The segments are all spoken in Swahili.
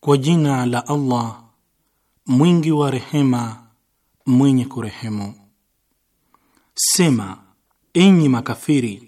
Kwa jina la Allah mwingi wa rehema mwenye kurehemu. Sema, enyi makafiri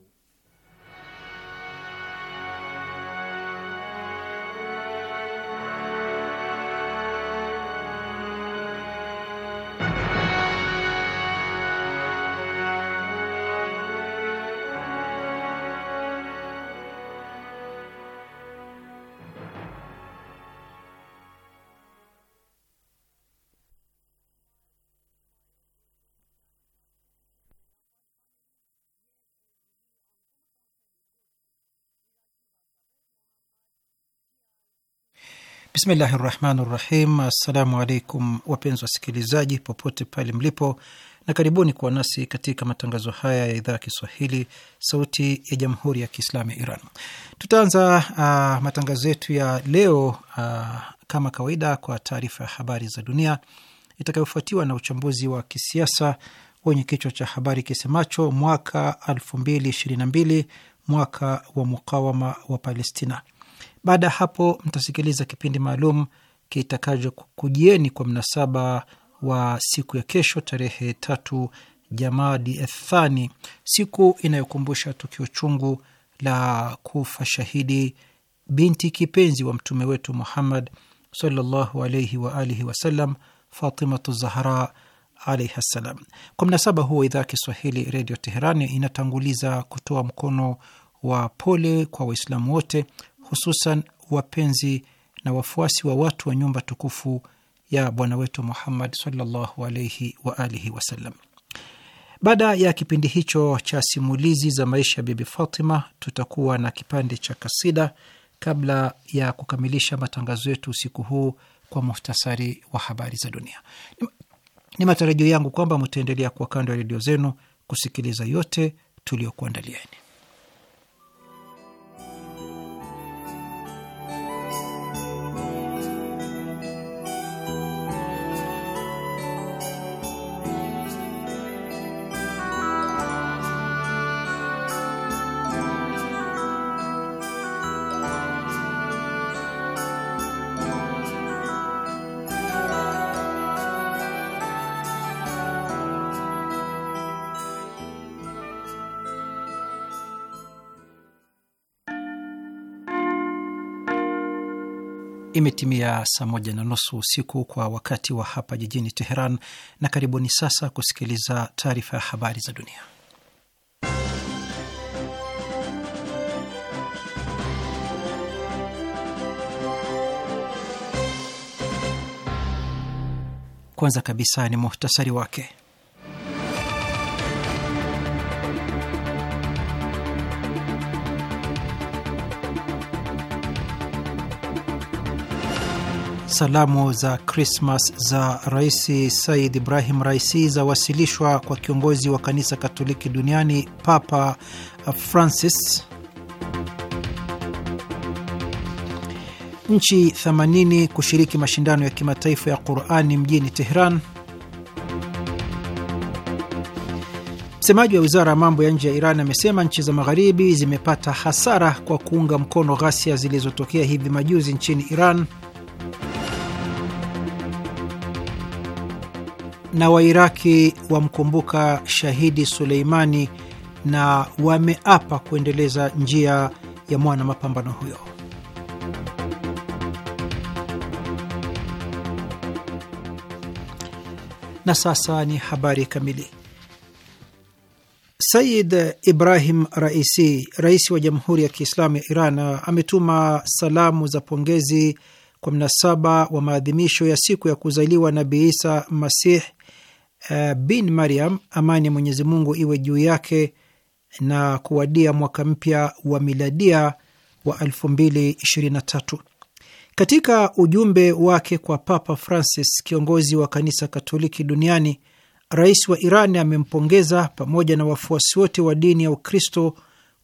Bismillahi rahmani rahim. Assalamu alaikum wapenzi wasikilizaji popote pale mlipo, na karibuni kuwa nasi katika matangazo haya ya idhaa ya Kiswahili sauti ya jamhuri ya Kiislamu ya Iran. Tutaanza uh, matangazo yetu ya leo uh, kama kawaida kwa taarifa ya habari za dunia itakayofuatiwa na uchambuzi wa kisiasa wenye kichwa cha habari kisemacho mwaka 2022 mwaka wa mukawama wa Palestina. Baada ya hapo, mtasikiliza kipindi maalum kitakacho kujieni kwa mnasaba wa siku ya kesho tarehe tatu Jamadi Ethani, siku inayokumbusha tukio chungu la kufa shahidi binti kipenzi wa mtume wetu Muhammad sallallahu alaihi wa alihi wasallam, Fatimatu Zahra alaihi ssalam. Kwa mnasaba huo, idhaa ya Kiswahili Redio Teherani inatanguliza kutoa mkono wa pole kwa Waislamu wote hususan wapenzi na wafuasi wa watu wa nyumba tukufu ya bwana wetu Muhammad sallallahu alaihi wa alihi wasallam. Baada ya kipindi hicho cha simulizi za maisha ya Bibi Fatima, tutakuwa na kipande cha kasida kabla ya kukamilisha matangazo yetu usiku huu kwa muhtasari wa habari za dunia. Ni matarajio yangu kwamba mtaendelea kuwa kando ya redio zenu kusikiliza yote tuliokuandalieni. Imetimia saa moja na nusu usiku kwa wakati wa hapa jijini Teheran, na karibuni sasa kusikiliza taarifa ya habari za dunia. Kwanza kabisa ni muhtasari wake. Salamu za Krismas za Rais Said Ibrahim Raisi zawasilishwa kwa kiongozi wa kanisa Katoliki duniani Papa Francis. Nchi 80 kushiriki mashindano ya kimataifa ya Qurani mjini Tehran. Msemaji wa wizara ya mambo ya nje ya Iran amesema nchi za magharibi zimepata hasara kwa kuunga mkono ghasia zilizotokea hivi majuzi nchini Iran. na Wairaki wamkumbuka shahidi Suleimani na wameapa kuendeleza njia ya mwana mapambano huyo. Na sasa ni habari kamili. Said Ibrahim Raisi, rais wa Jamhuri ya Kiislamu ya Iran, ametuma salamu za pongezi kwa mnasaba wa maadhimisho ya siku ya kuzaliwa Nabii Isa Masih Eh, bin Mariam, amani ya Mwenyezi Mungu iwe juu yake, na kuwadia mwaka mpya wa miladia wa 2023. Katika ujumbe wake kwa Papa Francis, kiongozi wa kanisa Katoliki duniani, rais wa Iran amempongeza pamoja na wafuasi wote wa dini ya Ukristo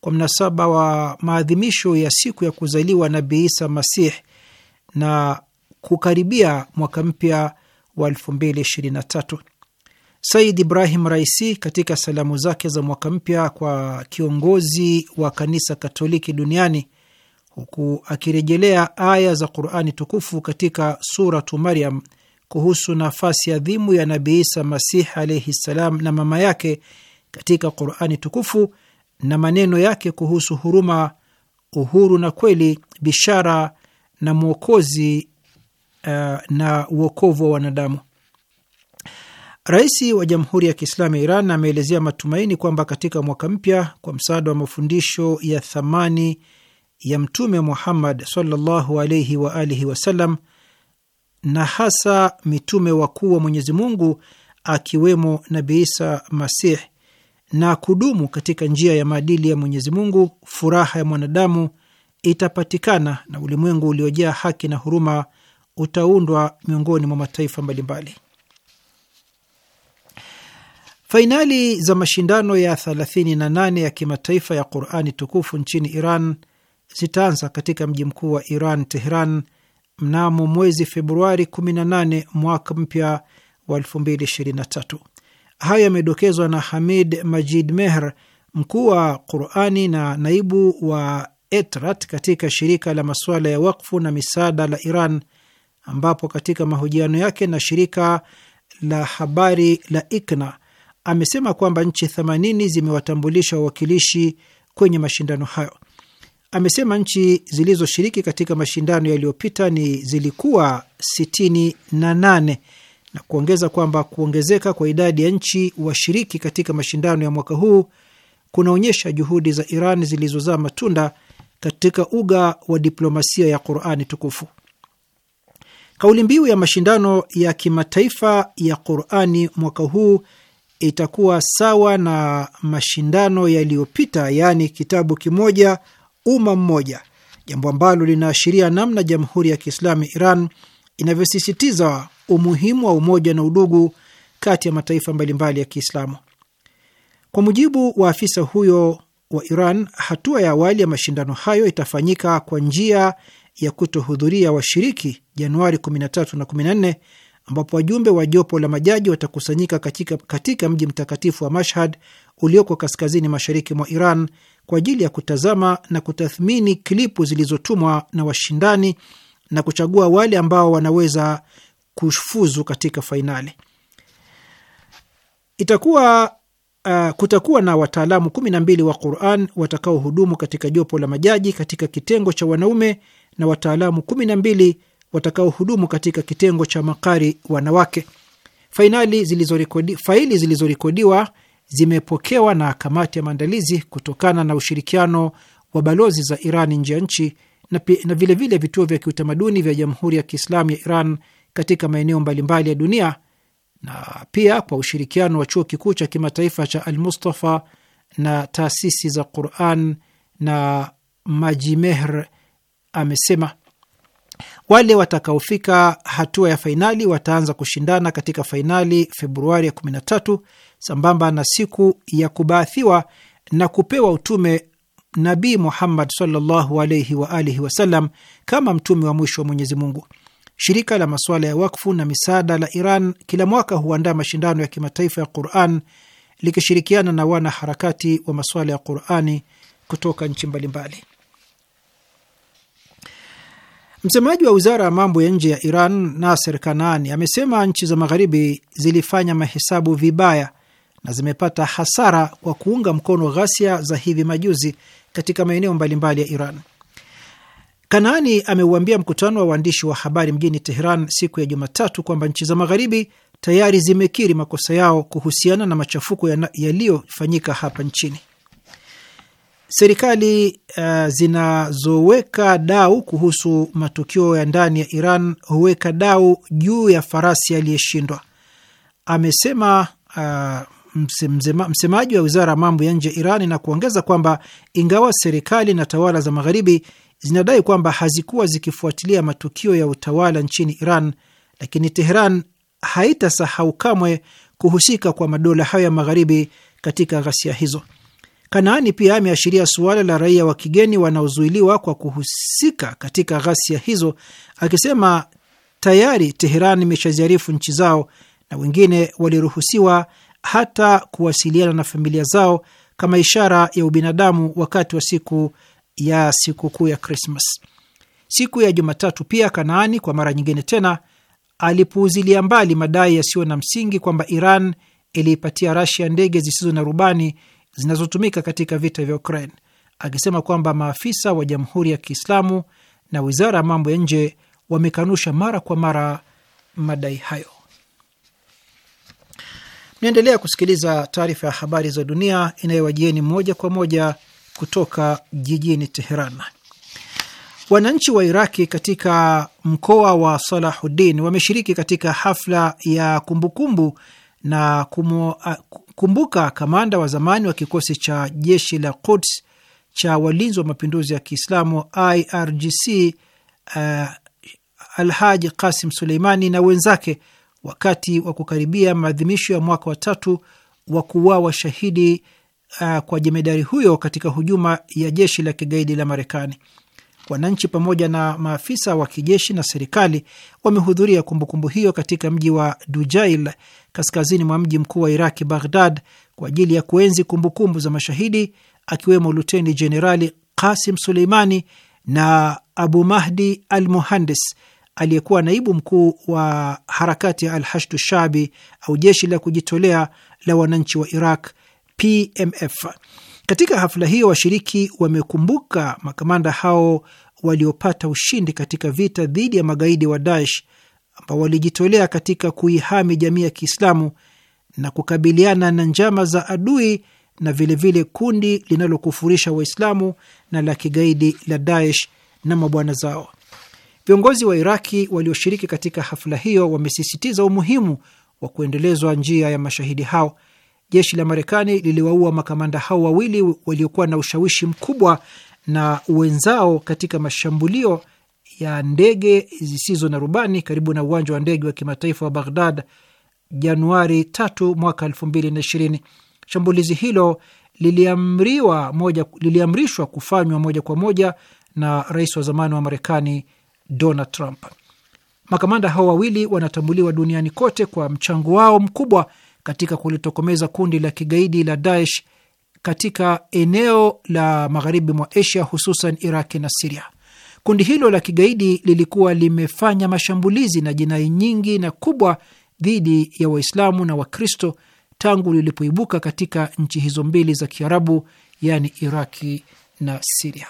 kwa mnasaba wa maadhimisho ya siku ya kuzaliwa Nabii Isa Masih na kukaribia mwaka mpya wa Said Ibrahim Raisi katika salamu zake za mwaka mpya kwa kiongozi wa kanisa Katoliki duniani huku akirejelea aya za Qurani tukufu katika Suratu Maryam kuhusu nafasi adhimu ya nabi Isa Masih alaihi ssalam na mama yake katika Qurani tukufu na maneno yake kuhusu huruma, uhuru na kweli, bishara na mwokozi uh, na uokovu wa wanadamu. Rais wa Jamhuri ya Kiislamu ya Iran ameelezea matumaini kwamba katika mwaka mpya, kwa msaada wa mafundisho ya thamani ya Mtume Muhammad sallallahu alaihi wa alihi wasallam na hasa mitume wakuu wa Mwenyezi Mungu akiwemo Nabi Isa Masih na kudumu katika njia ya maadili ya Mwenyezi Mungu, furaha ya mwanadamu itapatikana na ulimwengu uliojaa haki na huruma utaundwa miongoni mwa mataifa mbalimbali. Fainali za mashindano ya 38 ya kimataifa ya Qurani tukufu nchini Iran zitaanza katika mji mkuu wa Iran, Tehran, mnamo mwezi Februari 18 mwaka mpya wa 2023. Hayo yamedokezwa na Hamid Majid Mehr, mkuu wa Qurani na naibu wa ETRAT katika shirika la masuala ya wakfu na misaada la Iran, ambapo katika mahojiano yake na shirika la habari la IKNA amesema kwamba nchi 80 zimewatambulisha wawakilishi kwenye mashindano hayo. Amesema nchi zilizoshiriki katika mashindano yaliyopita ni zilikuwa 68 na kuongeza kwamba kuongezeka kwa idadi ya nchi washiriki katika mashindano ya mwaka huu kunaonyesha juhudi za Iran zilizozaa matunda katika uga wa diplomasia ya Qurani tukufu. Kauli mbiu ya mashindano ya kimataifa ya Qurani mwaka huu itakuwa sawa na mashindano yaliyopita, yaani kitabu kimoja umma mmoja, jambo ambalo linaashiria namna Jamhuri ya Kiislamu Iran inavyosisitiza umuhimu wa umoja na udugu kati ya mataifa mbalimbali ya Kiislamu. Kwa mujibu wa afisa huyo wa Iran, hatua ya awali ya mashindano hayo itafanyika kwa njia ya kutohudhuria washiriki Januari 13 na ambapo wajumbe wa jopo la majaji watakusanyika katika, katika mji mtakatifu wa Mashhad ulioko kaskazini mashariki mwa Iran kwa ajili ya kutazama na kutathmini klipu zilizotumwa na washindani na kuchagua wale ambao wanaweza kufuzu katika fainali. Itakuwa uh, kutakuwa na wataalamu kumi na mbili wa Quran watakaohudumu katika jopo la majaji katika kitengo cha wanaume na wataalamu kumi na mbili watakaohudumu katika kitengo cha makari wanawake. Fainali zilizorekodi, faili zilizorekodiwa zimepokewa na kamati ya maandalizi kutokana na ushirikiano wa balozi za Iran nje ya nchi na vilevile vile vituo vya kiutamaduni vya Jamhuri ya Kiislamu ya Iran katika maeneo mbalimbali ya dunia na pia kwa ushirikiano wa chuo kikuu cha kimataifa cha Al Mustafa na taasisi za Quran na Majimehr, amesema. Wale watakaofika hatua ya fainali wataanza kushindana katika fainali Februari 13 sambamba na siku ya kubaathiwa na kupewa utume Nabii Muhammad sallallahu alaihi wa alihi wasallam kama mtume wa mwisho wa Mwenyezi Mungu. Shirika la masuala ya wakfu na misaada la Iran kila mwaka huandaa mashindano ya kimataifa ya Quran likishirikiana na wanaharakati wa masuala ya Qurani kutoka nchi mbalimbali. Msemaji wa wizara ya mambo ya nje ya Iran, Naser Kanaani, amesema nchi za magharibi zilifanya mahesabu vibaya na zimepata hasara kwa kuunga mkono ghasia za hivi majuzi katika maeneo mbalimbali ya Iran. Kanaani ameuambia mkutano wa waandishi wa habari mjini Teheran siku ya Jumatatu kwamba nchi za magharibi tayari zimekiri makosa yao kuhusiana na machafuko yaliyofanyika hapa nchini. Serikali uh, zinazoweka dau kuhusu matukio ya ndani ya Iran huweka dau juu ya farasi aliyeshindwa, amesema uh, msemaji wa wizara ya mambo ya nje ya Iran na kuongeza kwamba ingawa serikali na tawala za magharibi zinadai kwamba hazikuwa zikifuatilia matukio ya utawala nchini Iran, lakini Teheran haitasahau kamwe kuhusika kwa madola hayo ya magharibi katika ghasia hizo. Kanaani pia ameashiria suala la raia wa kigeni wanaozuiliwa kwa kuhusika katika ghasia hizo, akisema tayari Teheran imeshaziarifu nchi zao na wengine waliruhusiwa hata kuwasiliana na familia zao kama ishara ya ubinadamu wakati wa siku ya sikukuu ya Krismas. Siku ya Jumatatu pia Kanaani kwa mara nyingine tena alipuuzilia mbali madai yasiyo na msingi kwamba Iran iliipatia Rasia ndege zisizo na rubani zinazotumika katika vita vya Ukraine, akisema kwamba maafisa wa Jamhuri ya Kiislamu na wizara ya mambo ya nje wamekanusha mara kwa mara madai hayo. Mnaendelea kusikiliza taarifa ya habari za dunia inayowajieni moja kwa moja kutoka jijini Teheran. Wananchi wa Iraki katika mkoa wa Salahuddin wameshiriki katika hafla ya kumbukumbu na kumu, Kumbuka kamanda wa zamani wa kikosi cha jeshi la Quds cha walinzi wa mapinduzi ya Kiislamu IRGC uh, eh, Alhaji Qasim Suleimani na wenzake wakati wa kukaribia maadhimisho ya mwaka wa tatu wa kuuawa shahidi uh, kwa jemedari huyo katika hujuma ya jeshi la kigaidi la Marekani. Wananchi pamoja na maafisa wa kijeshi na serikali wamehudhuria kumbukumbu hiyo katika mji wa Dujail kaskazini mwa mji mkuu wa Iraki, Baghdad, kwa ajili ya kuenzi kumbukumbu za mashahidi akiwemo Luteni Jenerali Qasim Suleimani na Abu Mahdi al Muhandis aliyekuwa naibu mkuu wa harakati ya Alhashdu Shabi au jeshi la kujitolea la wananchi wa Iraq, PMF. Katika hafla hiyo, washiriki wamekumbuka makamanda hao waliopata ushindi katika vita dhidi ya magaidi wa Daesh ambao walijitolea katika kuihami jamii ya Kiislamu na kukabiliana na njama za adui na vilevile vile kundi linalokufurisha Waislamu na la kigaidi la Daesh na mabwana zao. Viongozi wa Iraki walioshiriki katika hafla hiyo wamesisitiza umuhimu wa kuendelezwa njia ya mashahidi hao jeshi la Marekani liliwaua makamanda hao wawili waliokuwa na ushawishi mkubwa na wenzao katika mashambulio ya ndege zisizo na rubani karibu na uwanja wa ndege wa kimataifa wa Baghdad Januari 3 mwaka 2020. Shambulizi hilo liliamriwa moja, liliamrishwa kufanywa moja kwa moja na rais wa zamani wa Marekani Donald Trump. Makamanda hao wawili wanatambuliwa duniani kote kwa mchango wao mkubwa katika kulitokomeza kundi la kigaidi la Daesh katika eneo la magharibi mwa Asia, hususan Iraki na Siria. Kundi hilo la kigaidi lilikuwa limefanya mashambulizi na jinai nyingi na kubwa dhidi ya Waislamu na Wakristo tangu lilipoibuka katika nchi hizo mbili za Kiarabu, yaani Iraki na Siria.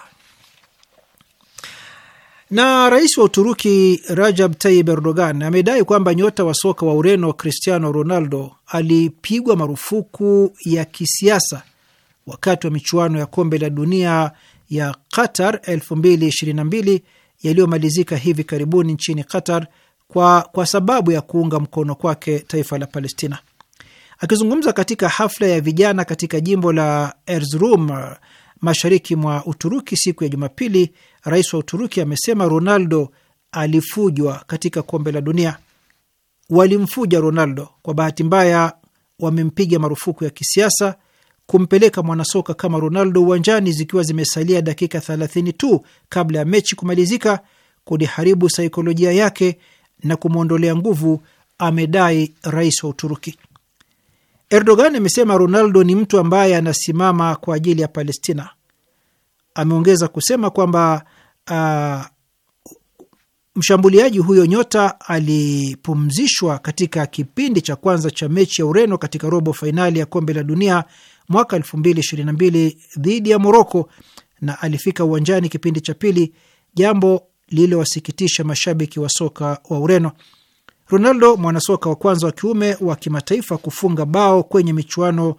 Na rais wa Uturuki Rajab Tayib Erdogan amedai kwamba nyota wa soka wa Ureno Cristiano Ronaldo alipigwa marufuku ya kisiasa wakati wa michuano ya kombe la dunia ya Qatar 2022 yaliyomalizika hivi karibuni nchini Qatar kwa, kwa sababu ya kuunga mkono kwake taifa la Palestina. Akizungumza katika hafla ya vijana katika jimbo la Erzurum, mashariki mwa Uturuki siku ya Jumapili, rais wa Uturuki amesema Ronaldo alifujwa katika kombe la dunia. Walimfuja Ronaldo, kwa bahati mbaya wamempiga marufuku ya kisiasa. Kumpeleka mwanasoka kama Ronaldo uwanjani zikiwa zimesalia dakika 30 tu kabla ya mechi kumalizika kuliharibu saikolojia yake na kumwondolea nguvu, amedai rais wa Uturuki. Erdogan amesema Ronaldo ni mtu ambaye anasimama kwa ajili ya Palestina. Ameongeza kusema kwamba uh, mshambuliaji huyo nyota alipumzishwa katika kipindi cha kwanza cha mechi ya Ureno katika robo fainali ya kombe la dunia mwaka 2022 dhidi ya Moroko na alifika uwanjani kipindi cha pili, jambo lililowasikitisha mashabiki wa soka wa Ureno. Ronaldo, mwanasoka wa kwanza wa kiume wa kimataifa kufunga bao kwenye michuano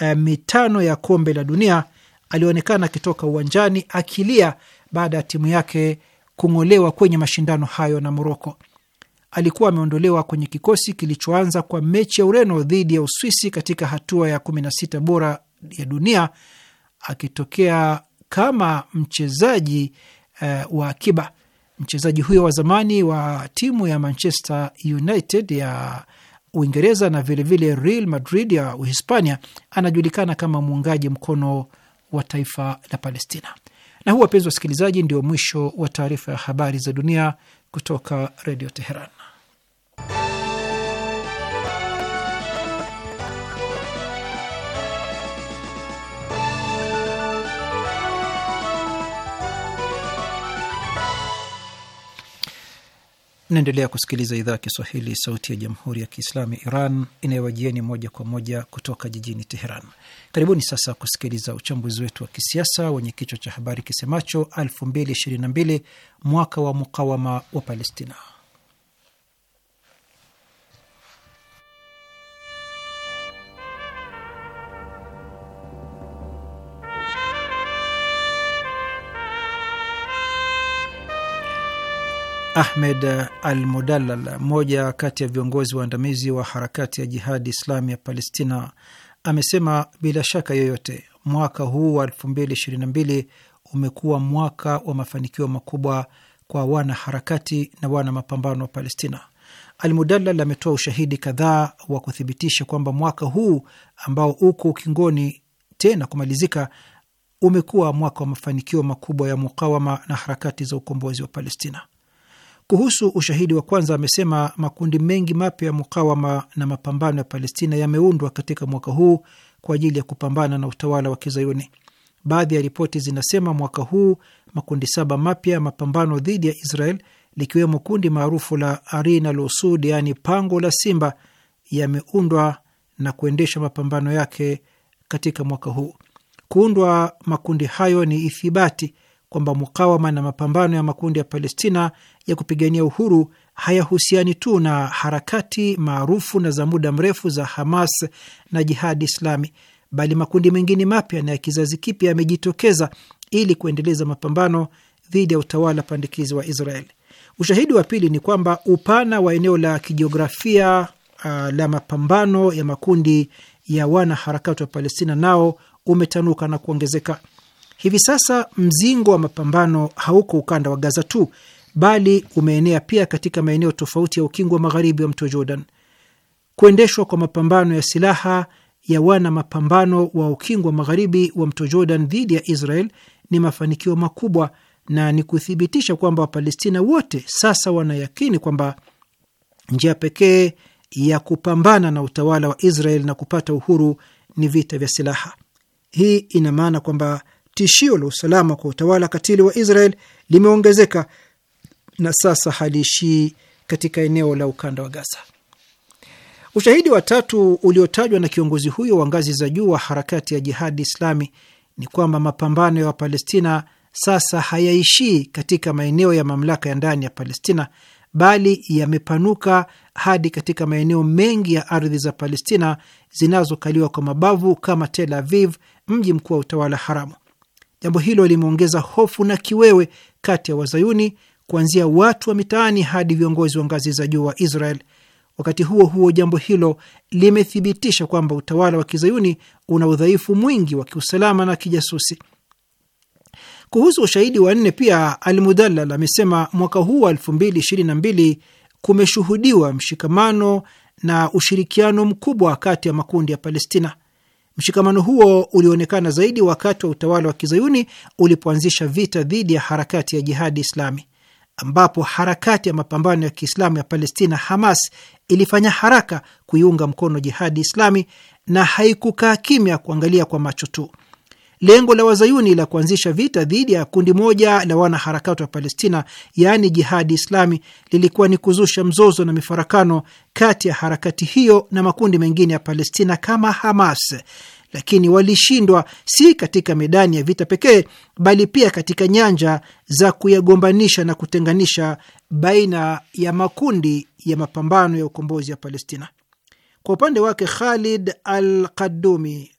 uh, mitano ya kombe la dunia, alionekana akitoka uwanjani akilia baada ya timu yake kung'olewa kwenye mashindano hayo na Moroko. Alikuwa ameondolewa kwenye kikosi kilichoanza kwa mechi ya Ureno dhidi ya Uswisi katika hatua ya 16 bora ya dunia akitokea kama mchezaji uh, wa akiba. Mchezaji huyo wa zamani wa timu ya Manchester United ya Uingereza na vilevile vile Real Madrid ya Uhispania anajulikana kama muungaji mkono wa taifa la Palestina. Na huu, wapenzi wasikilizaji, ndio mwisho wa taarifa ya habari za dunia kutoka Redio Teheran. Mnaendelea kusikiliza idhaa ya Kiswahili, sauti ya jamhuri ya kiislamu ya Iran inayowajieni moja kwa moja kutoka jijini Teheran. Karibuni sasa kusikiliza uchambuzi wetu wa kisiasa wenye kichwa cha habari kisemacho 2022 mwaka wa mukawama wa Palestina. Ahmed al mudalal mmoja kati ya viongozi waandamizi wa harakati ya Jihadi Islami ya Palestina, amesema bila shaka yoyote mwaka huu wa 2022 umekuwa mwaka wa mafanikio makubwa kwa wanaharakati na wana mapambano wa Palestina. Mudalal ametoa ushahidi kadhaa wa kuthibitisha kwamba mwaka huu ambao uko ukingoni tena kumalizika umekuwa mwaka wa mafanikio makubwa ya mukawama na harakati za ukombozi wa Palestina. Kuhusu ushahidi wa kwanza, amesema makundi mengi mapya ya mukawama na mapambano ya Palestina yameundwa katika mwaka huu kwa ajili ya kupambana na utawala wa Kizayuni. Baadhi ya ripoti zinasema mwaka huu makundi saba mapya ya mapambano dhidi ya Israel likiwemo kundi maarufu la Arina Lusud, yaani pango la simba, yameundwa na kuendesha mapambano yake katika mwaka huu. Kuundwa makundi hayo ni ithibati kwamba mukawama na mapambano ya makundi ya Palestina ya kupigania uhuru hayahusiani tu na harakati maarufu na za muda mrefu za Hamas na Jihadi Islami, bali makundi mengine mapya na ya kizazi kipya yamejitokeza ili kuendeleza mapambano dhidi ya utawala pandikizi wa Israel. Ushahidi wa pili ni kwamba upana wa eneo la kijiografia uh, la mapambano ya makundi ya wanaharakati wa Palestina nao umetanuka na kuongezeka. Hivi sasa mzingo wa mapambano hauko ukanda wa Gaza tu, bali umeenea pia katika maeneo tofauti ya ukingo wa magharibi wa mto Jordan. Kuendeshwa kwa mapambano ya silaha ya wana mapambano wa ukingo wa magharibi wa mto Jordan dhidi ya Israel ni mafanikio makubwa na ni kuthibitisha kwamba Wapalestina wote sasa wanayakini kwamba njia pekee ya kupambana na utawala wa Israel na kupata uhuru ni vita vya silaha. Hii ina maana kwamba tishio la usalama kwa utawala katili wa Israel limeongezeka na sasa haliishii katika eneo la ukanda wa Gaza. Ushahidi wa tatu uliotajwa na kiongozi huyo wa ngazi za juu wa harakati ya Jihadi Islami ni kwamba mapambano ya Wapalestina sasa hayaishii katika maeneo ya mamlaka ya ndani ya Palestina bali yamepanuka hadi katika maeneo mengi ya ardhi za Palestina zinazokaliwa kwa mabavu kama Tel Aviv, mji mkuu wa utawala haramu. Jambo hilo limeongeza hofu na kiwewe kati ya Wazayuni, kuanzia watu wa mitaani hadi viongozi wa ngazi za juu wa Israel. Wakati huo huo, jambo hilo limethibitisha kwamba utawala wa kizayuni una udhaifu mwingi wa kiusalama na kijasusi. Kuhusu ushahidi wa nne, pia Almudalal amesema mwaka huu wa 2022 kumeshuhudiwa mshikamano na ushirikiano mkubwa kati ya makundi ya Palestina. Mshikamano huo ulionekana zaidi wakati wa utawala wa kizayuni ulipoanzisha vita dhidi ya harakati ya Jihadi Islami, ambapo harakati ya mapambano ya kiislamu ya Palestina, Hamas, ilifanya haraka kuiunga mkono Jihadi Islami na haikukaa kimya kuangalia kwa macho tu Lengo la wazayuni la kuanzisha vita dhidi ya kundi moja la wanaharakati wa Palestina, yaani Jihadi Islami, lilikuwa ni kuzusha mzozo na mifarakano kati ya harakati hiyo na makundi mengine ya Palestina kama Hamas, lakini walishindwa si katika medani ya vita pekee, bali pia katika nyanja za kuyagombanisha na kutenganisha baina ya makundi ya mapambano ya ukombozi ya Palestina. Kwa upande wake Khalid al Qadumi,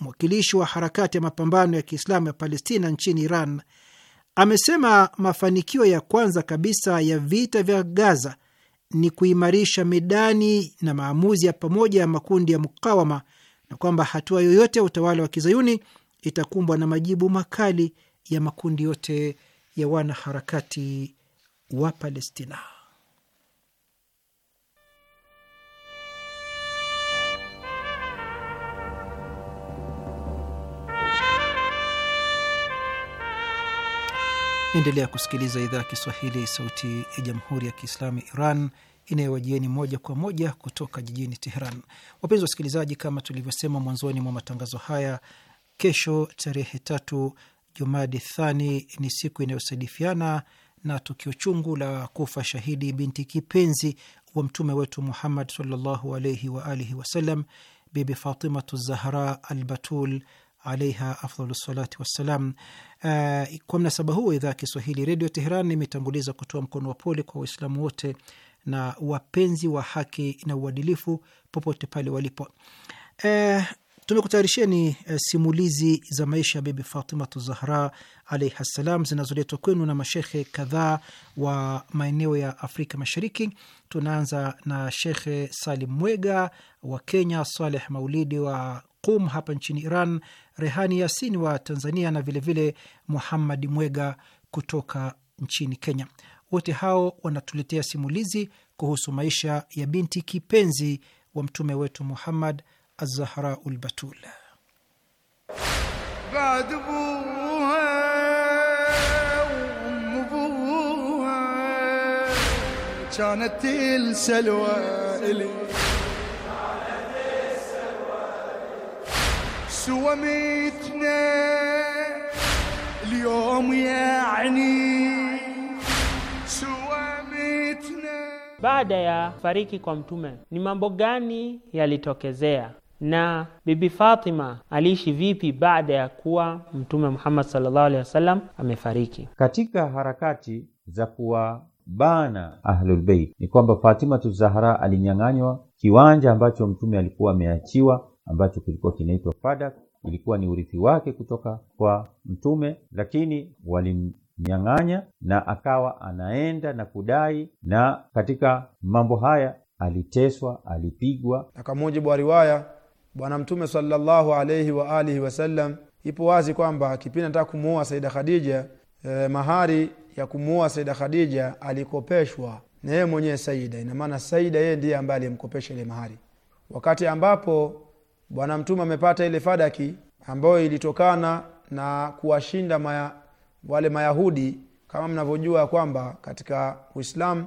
mwakilishi wa harakati ya mapambano ya Kiislamu ya Palestina nchini Iran, amesema mafanikio ya kwanza kabisa ya vita vya Gaza ni kuimarisha medani na maamuzi ya pamoja ya makundi ya mukawama na kwamba hatua yoyote ya utawala wa kizayuni itakumbwa na majibu makali ya makundi yote ya wanaharakati wa Palestina. Naendelea kusikiliza idhaa ya Kiswahili, sauti ya jamhuri ya kiislamu Iran inayowajieni moja kwa moja kutoka jijini Teheran. Wapenzi wasikilizaji, kama tulivyosema mwanzoni mwa matangazo haya, kesho tarehe tatu Jumadi Thani ni siku inayosadifiana na tukio chungu la kufa shahidi binti kipenzi wa mtume wetu Muhammad sallallahu alaihi waalihi wasallam, Bibi Fatimatu Zahra Albatul alaiha afdhalu salati wassalam. Uh, kwa mnasaba huo idhaa ya Kiswahili Redio Teheran imetanguliza kutoa mkono wa pole kwa Waislamu wote na wapenzi wa haki na uadilifu popote pale walipo. Uh, tumekutayarisheni uh, simulizi za maisha ya Bibi Fatimatu Zahra alaiha ssalam zinazoletwa kwenu na mashekhe kadhaa wa maeneo ya Afrika Mashariki. Tunaanza na Shekhe Salim Mwega wa Kenya, Saleh Maulidi wa Qum hapa nchini Iran, Rehani Yasin wa Tanzania na vilevile Muhammad Mwega kutoka nchini Kenya. Wote hao wanatuletea simulizi kuhusu maisha ya binti kipenzi wa mtume wetu Muhammad Azahra Ulbatul. سوميتنا اليوم يعني سوميتنا baada ya fariki kwa mtume ni mambo gani yalitokezea na bibi Fatima aliishi vipi baada ya kuwa mtume Muhammad sallallahu alaihi wasallam amefariki? Katika harakati za kuwabana ahlulbeit ni kwamba Fatima Zahra alinyang'anywa kiwanja ambacho mtume alikuwa ameachiwa ambacho kilikuwa kinaitwa Fadak, ilikuwa ni urithi wake kutoka kwa Mtume, lakini walimnyang'anya na akawa anaenda na kudai, na katika mambo haya aliteswa, alipigwa. Na kwa mujibu wa riwaya Bwana Mtume sallallahu alaihi wa alihi wasallam, ipo wazi kwamba kipindi anataka kumuoa Saida Khadija eh, mahari ya kumuoa Saida Khadija alikopeshwa na yeye mwenyewe Saida. Ina maana Saida yeye ndiye ambaye alimkopesha ile mahari, wakati ambapo bwana mtume amepata ile fadaki ambayo ilitokana na kuwashinda maya, wale mayahudi kama mnavyojua kwamba katika uislamu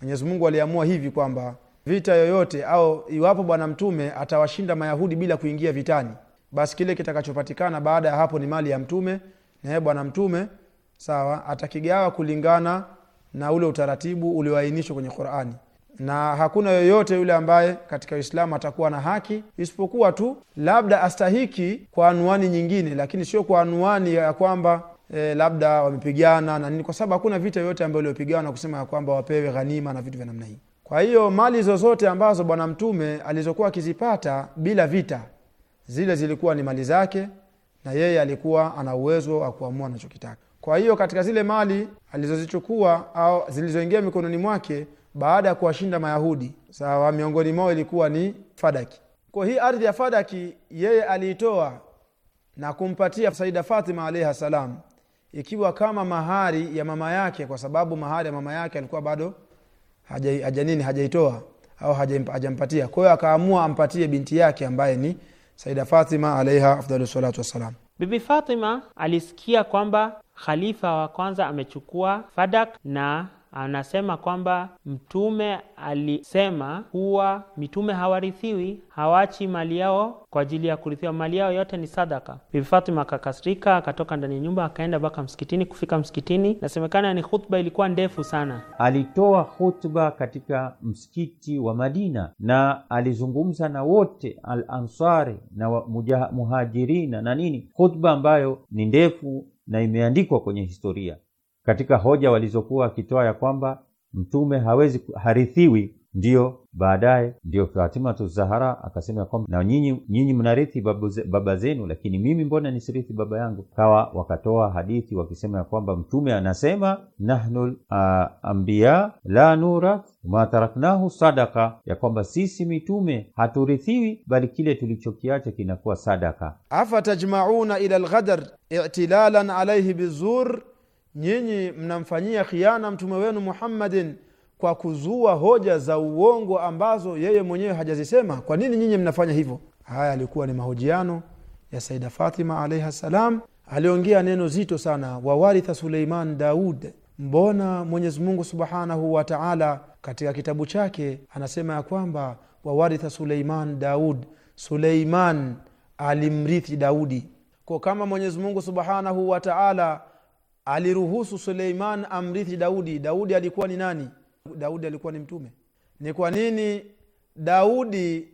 mwenyezi mungu aliamua hivi kwamba vita yoyote au iwapo bwana mtume atawashinda mayahudi bila kuingia vitani basi kile kitakachopatikana baada ya hapo ni mali ya mtume naye bwana mtume sawa atakigawa kulingana na ule utaratibu ulioainishwa kwenye qurani na hakuna yoyote yule ambaye katika uislamu atakuwa na haki isipokuwa tu labda astahiki kwa anuani nyingine lakini sio kwa anuani ya kwamba e, labda wamepigana na nini kwa sababu hakuna vita yoyote ambayo iliyopigana kusema ya kwamba wapewe ghanima na vitu vya namna hii kwa hiyo mali zozote ambazo bwana mtume alizokuwa akizipata bila vita zile zilikuwa ni mali zake na yeye alikuwa ana uwezo wa kuamua anachokitaka kwa hiyo katika zile mali alizozichukua au zilizoingia mikononi mwake baada ya kuwashinda mayahudi sawa miongoni mwao ilikuwa ni fadaki kwa hii ardhi ya fadaki yeye aliitoa na kumpatia saida fatima alaihi salam ikiwa kama mahari ya mama yake kwa sababu mahari ya mama yake alikuwa bado hajanini haja hajaitoa au hajampatia kwa hiyo akaamua ampatie binti yake ambaye ni saida fatima alaiha afdalsalatu wassalam bibi fatima alisikia kwamba khalifa wa kwanza amechukua fadak na anasema kwamba mtume alisema kuwa mitume hawarithiwi, hawachi mali yao kwa ajili ya kurithiwa, mali yao yote ni sadaka. Bibi Fatima akakasirika, akatoka ndani ya nyumba, akaenda mpaka msikitini. Kufika msikitini, nasemekana ni khutba ilikuwa ndefu sana. Alitoa khutba katika msikiti wa Madina na alizungumza na wote al-Ansari na muhajirina na nini, khutba ambayo ni ndefu na imeandikwa kwenye historia katika hoja walizokuwa wakitoa ya kwamba mtume hawezi harithiwi, ndiyo baadaye ndiyo Fatimatu Zahara akasema ya kwamba na nyinyi nyinyi mnarithi baba zenu, lakini mimi mbona nisirithi baba yangu? Kawa wakatoa hadithi wakisema ya kwamba mtume anasema nahnu ambia la nurath ma taraknahu sadaka, ya kwamba sisi mitume haturithiwi, bali kile tulichokiacha kinakuwa sadaka. afatajmauna ila lghadar i'tilalan alaihi bizur nyinyi mnamfanyia khiana mtume wenu muhammadin kwa kuzua hoja za uongo ambazo yeye mwenyewe hajazisema kwa nini nyinyi mnafanya hivyo haya alikuwa ni mahojiano ya saida fatima alaihi ssalam aliongea neno zito sana wawaritha suleiman daud mbona mwenyezi mungu subhanahu wa taala katika kitabu chake anasema ya kwamba wawaritha suleiman daud suleiman alimrithi daudi ko kama mwenyezi mungu subhanahu wa taala aliruhusu suleiman amrithi daudi daudi alikuwa ni nani daudi alikuwa ni mtume ni kwa nini daudi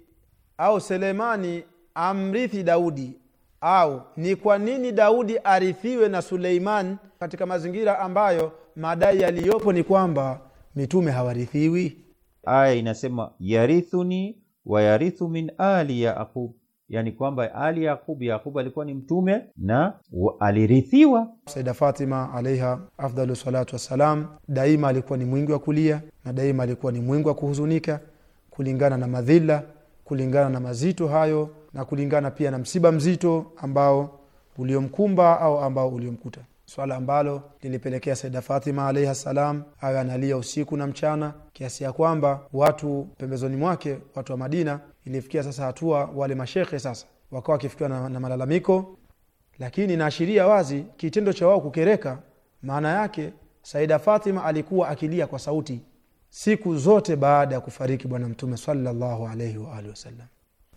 au selemani amrithi daudi au ni kwa nini daudi arithiwe na suleiman katika mazingira ambayo madai yaliyopo ni kwamba mitume hawarithiwi aya inasema yarithuni wa yarithu min ali yaqub yani kwamba ali Yaqub, Yaqub alikuwa ni mtume na alirithiwa. Saida Fatima alaiha afdalu salatu wassalam, daima alikuwa ni mwingi wa kulia na daima alikuwa ni mwingi wa kuhuzunika, kulingana na madhila, kulingana na mazito hayo, na kulingana pia na msiba mzito ambao uliomkumba au ambao uliomkuta, swala ambalo lilipelekea Saida Fatima alaihi ssalam awe analia usiku na mchana, kiasi ya kwamba watu pembezoni mwake, watu wa Madina ilifikia sasa hatua wale mashekhe sasa wakawa wakifikiwa na, na malalamiko, lakini inaashiria wazi kitendo cha wao kukereka. Maana yake Saida Fatima alikuwa akilia kwa sauti siku zote baada ya kufariki Bwana Mtume salallahu alaihi wa wasallam.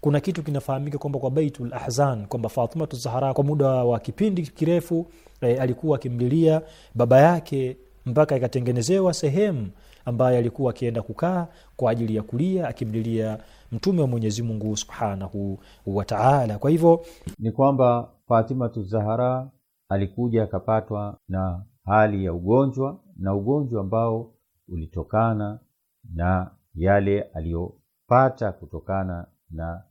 Kuna kitu kinafahamika kwamba kwa Baitul Ahzan kwamba Fatima zahara kwa muda wa kipindi kirefu eh, alikuwa akimlilia baba yake mpaka ikatengenezewa sehemu ambaye alikuwa akienda kukaa kwa ajili ya kulia akimlilia mtume wa Mwenyezi Mungu Subhanahu wataala Kwa hivyo ni kwamba Fatima Zahara alikuja akapatwa na hali ya ugonjwa na ugonjwa ambao ulitokana na yale aliyopata kutokana na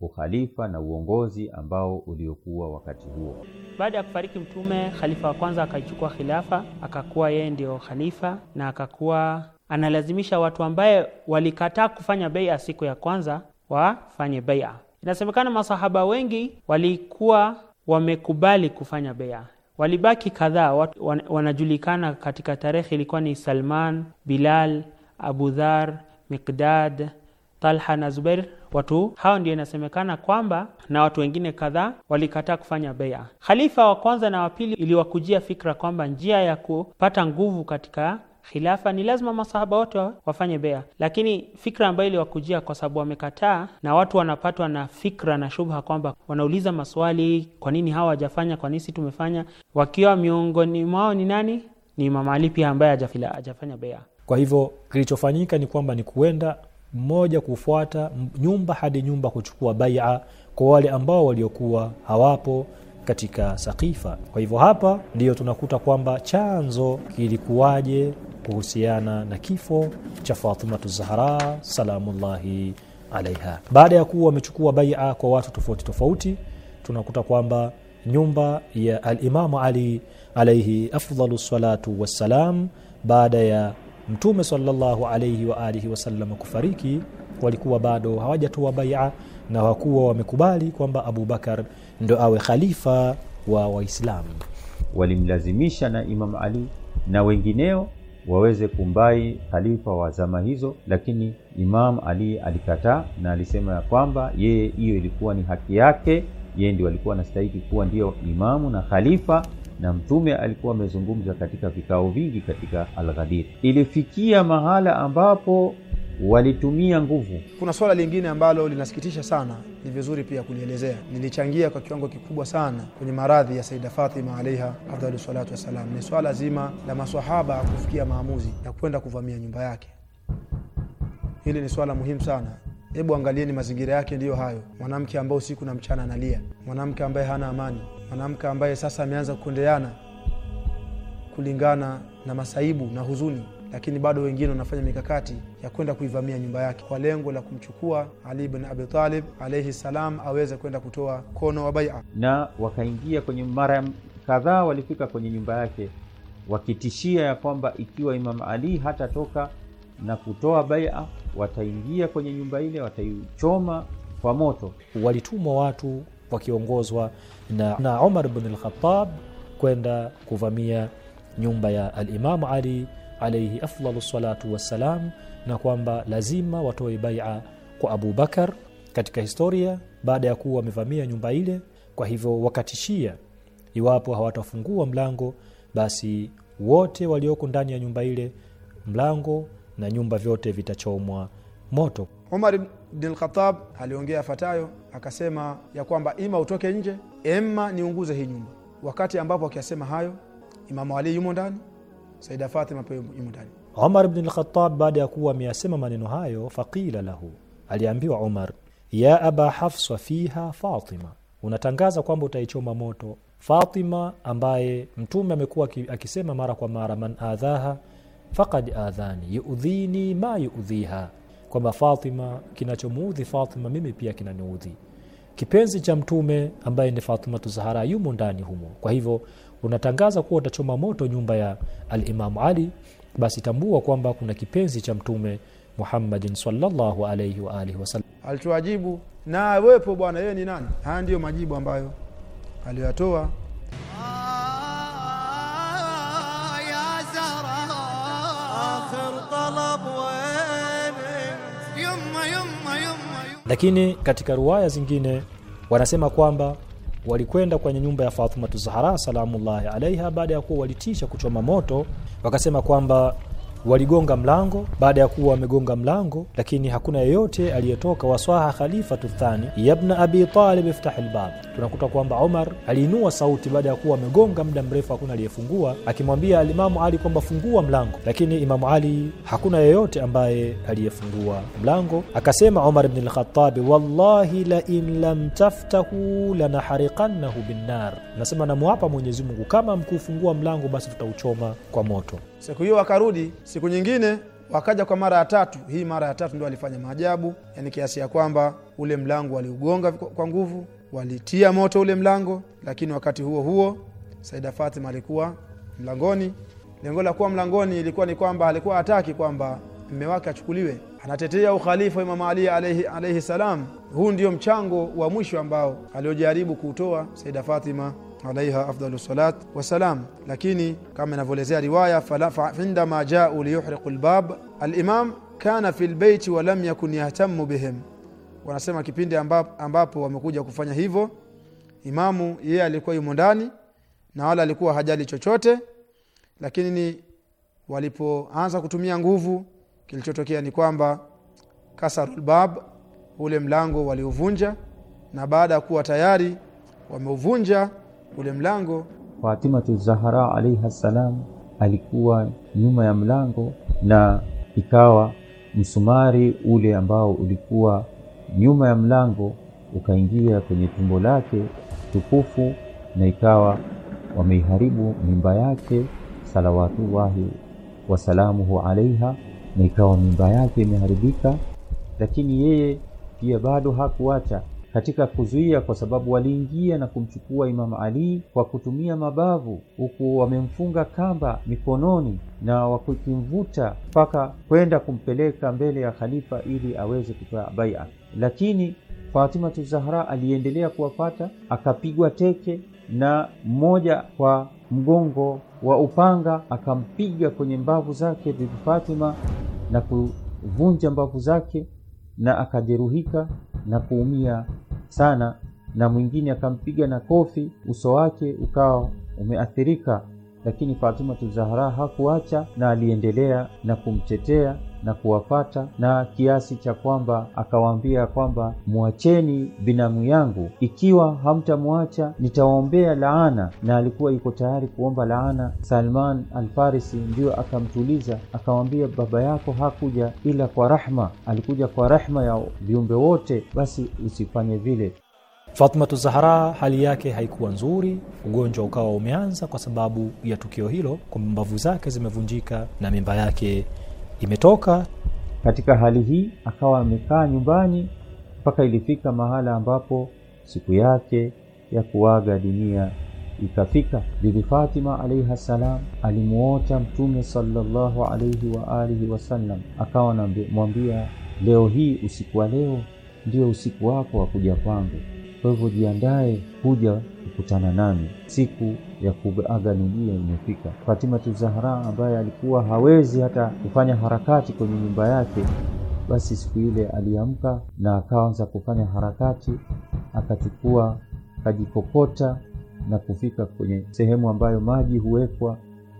ukhalifa na uongozi ambao uliokuwa wakati huo. Baada ya kufariki Mtume, khalifa wa kwanza akaichukua khilafa, akakuwa yeye ndio khalifa na akakuwa analazimisha watu ambaye walikataa kufanya beia siku ya kwanza wafanye beia. Inasemekana masahaba wengi walikuwa wamekubali kufanya beia, walibaki kadhaa wan, wanajulikana katika tarehe ilikuwa ni Salman, Bilal, Abu Dhar, Miqdad, Talha na Zubair. Watu hao ndio inasemekana kwamba na watu wengine kadhaa walikataa kufanya beia. Khalifa wa kwanza na wa pili iliwakujia fikra kwamba njia ya kupata nguvu katika khilafa, ni lazima masahaba wote wafanye bea, lakini fikra ambayo iliwakujia kwa sababu wamekataa, na watu wanapatwa na fikra na shubha kwamba wanauliza maswali, kwa nini hawa wajafanya kwa nini si tumefanya, wakiwa miongoni mwao ni nani? Ni Imam Ali pia ambaye hajafanya bea. Kwa hivyo kilichofanyika ni kwamba ni kuenda mmoja kufuata nyumba hadi nyumba kuchukua baia kwa wale ambao waliokuwa hawapo katika Sakifa. Kwa hivyo hapa ndiyo tunakuta kwamba chanzo kilikuwaje kuhusiana na kifo cha Fatimatu Zahra salamullahi alaiha. Baada ya kuwa wamechukua baia kwa watu tofauti tofauti, tunakuta kwamba nyumba ya Alimamu Ali alaihi afdalu salatu wassalam, baada ya Mtume sallallahu alaihi wa alihi wasallam kufariki, walikuwa bado hawajatoa baia na wakuwa wamekubali kwamba Abubakar ndo awe khalifa wa Waislamu. Walimlazimisha na Imam Ali na wengineo waweze kumbai khalifa wa zama hizo, lakini Imam Ali alikataa na alisema ya kwamba yeye hiyo ilikuwa ni haki yake, yeye ndio alikuwa anastahiki kuwa ndio imamu na khalifa na Mtume alikuwa amezungumza katika vikao vingi katika alghadir Ilifikia mahala ambapo walitumia nguvu. Kuna swala lingine ambalo linasikitisha sana, ni vizuri pia kulielezea. Nilichangia kwa kiwango kikubwa sana kwenye maradhi ya Saida Fatima alaiha afdhalu salatu wassalam, ni swala zima la maswahaba kufikia maamuzi ya kwenda kuvamia nyumba yake. Hili ni swala muhimu sana. Hebu angalieni mazingira yake ndiyo hayo, mwanamke ambaye usiku na mchana analia, mwanamke ambaye hana amani, mwanamke ambaye sasa ameanza kukondeana kulingana na masaibu na huzuni lakini bado wengine wanafanya mikakati ya kwenda kuivamia nyumba yake kwa lengo la kumchukua Ali bin Abi Talib alaihi salam aweze kwenda kutoa mkono wa baia. Na wakaingia kwenye, mara kadhaa walifika kwenye nyumba yake wakitishia ya kwamba ikiwa Imam Ali hatatoka na kutoa baia wataingia kwenye nyumba ile, wataichoma kwa moto. Walitumwa watu wakiongozwa na, na Umar bin al-Khattab kwenda kuvamia nyumba ya alimamu Ali alaihi afdalu salatu wassalam, na kwamba lazima watoe baia kwa Abu Bakar katika historia, baada ya kuwa wamevamia nyumba ile. Kwa hivyo wakatishia, iwapo hawatafungua mlango, basi wote walioko ndani ya nyumba ile, mlango na nyumba vyote vitachomwa moto. Umar bin lkhatab aliongea fatayo akasema, ya kwamba ima utoke nje, ema niunguze hii nyumba. Wakati ambapo akiasema hayo, Imamu Ali yumo ndani Saida Fatima pia yumo ndani. Umar ibn Lkhatab baada ya kuwa ameyasema maneno hayo, faqila lahu, aliambiwa Umar, ya aba hafsa fiha Fatima, unatangaza kwamba utaichoma moto Fatima ambaye mtume amekuwa akisema mara kwa mara, man adhaha fakad adhani yuudhini ma yuudhiha, kwamba Fatima, kinachomuudhi Fatima mimi pia kinaniudhi. Kipenzi cha mtume ambaye ni Fatimatu Zahara yumo ndani humo, kwa hivyo unatangaza kuwa utachoma moto nyumba ya alimamu Ali, basi tambua kwamba kuna kipenzi cha Mtume Muhammadin sallallahu alaihi wa Alituajibu, na wepo bwana, yeye ni nani? Haya ndiyo majibu ambayo aliyoyatoa. Lakini katika ruwaya zingine wanasema kwamba walikwenda kwenye nyumba ya Fatimatu Zahara salamullahi alaiha, baada ya kuwa walitisha kuchoma moto, wakasema kwamba waligonga mlango. Baada ya kuwa wamegonga mlango, lakini hakuna yeyote aliyetoka. waswaha khalifatu thani yabna abi talib iftah lbab. Tunakuta kwamba Omar aliinua sauti baada ya kuwa wamegonga muda mrefu, hakuna aliyefungua, akimwambia alimamu Ali kwamba fungua mlango, lakini Imamu Ali hakuna yeyote ambaye aliyefungua mlango. Akasema Omar bni lkhatabi, wallahi lain lam taftahu lanahariqannahu binnar, nasema namwapa Mwenyezi Mungu, kama mkuufungua mlango basi tutauchoma kwa moto siku hiyo wakarudi siku nyingine wakaja kwa mara ya tatu hii mara ya tatu ndio walifanya maajabu yani kiasi ya kwamba ule mlango waliugonga kwa nguvu walitia moto ule mlango lakini wakati huo huo saida fatima alikuwa mlangoni lengo la kuwa mlangoni ilikuwa ni kwamba alikuwa hataki kwamba mme wake achukuliwe anatetea ukhalifa wa imamu ali alaihi, alaihi salam huu ndio mchango wa mwisho ambao aliojaribu kuutoa saida fatima alaiha afdalu salat wassalam. Lakini kama inavyoelezea riwaya, faindama jau liyuhriqu lbab alimam kana fi lbeiti walam yakun yahtamu bihim, wanasema kipindi ambapo wamekuja kufanya hivyo, imamu yeye alikuwa yumo ndani na wala alikuwa hajali chochote, lakini ni walipoanza kutumia nguvu, kilichotokea ni kwamba kasarulbab, ule mlango waliuvunja, na baada ya kuwa tayari wameuvunja ule mlango. Fatimatu Zahra alaiha salam alikuwa nyuma ya mlango, na ikawa msumari ule ambao ulikuwa nyuma ya mlango ukaingia kwenye tumbo lake tukufu, na ikawa wameiharibu mimba yake salawatullahi wasalamuhu alaiha, na ikawa mimba yake imeharibika, lakini yeye pia bado hakuacha katika kuzuia, kwa sababu waliingia na kumchukua Imamu Ali kwa kutumia mabavu, huku wamemfunga kamba mikononi na wakimvuta mpaka kwenda kumpeleka mbele ya khalifa ili aweze kutoa baia, lakini Fatimatu Zahra aliendelea kuwapata, akapigwa teke na mmoja kwa mgongo wa upanga akampiga kwenye mbavu zake Bibi Fatima na kuvunja mbavu zake na akajeruhika na kuumia sana, na mwingine akampiga na kofi, uso wake ukawa umeathirika. Lakini Fatimatu Zahra hakuacha na aliendelea na kumtetea na kuwafata na kiasi cha kwamba akawaambia kwamba mwacheni binamu yangu, ikiwa hamtamwacha nitawaombea laana, na alikuwa yuko tayari kuomba laana. Salman Alfarisi ndiyo akamtuliza, akamwambia baba yako hakuja ila kwa rahma, alikuja kwa rahma ya viumbe wote, basi usifanye vile. Fatmatu Zahra hali yake haikuwa nzuri, ugonjwa ukawa umeanza kwa sababu ya tukio hilo, kwamba mbavu zake zimevunjika na mimba yake imetoka. Katika hali hii akawa amekaa nyumbani mpaka ilifika mahala ambapo siku yake ya kuaga dunia ikafika. Bibi Fatima alaihi salam alimuota Mtume sallallahu alaihi wa alihi wasallam, akawa namwambia, leo hii usiku wa leo ndio usiku wako wa kuja kwangu, kwa hivyo jiandaye kuja kukutana nami. Siku ya kuaga dunia imefika. Fatimatu Zahra ambaye alikuwa hawezi hata kufanya harakati kwenye nyumba yake, basi siku ile aliamka na akaanza kufanya harakati, akachukua akajikokota na kufika kwenye sehemu ambayo maji huwekwa,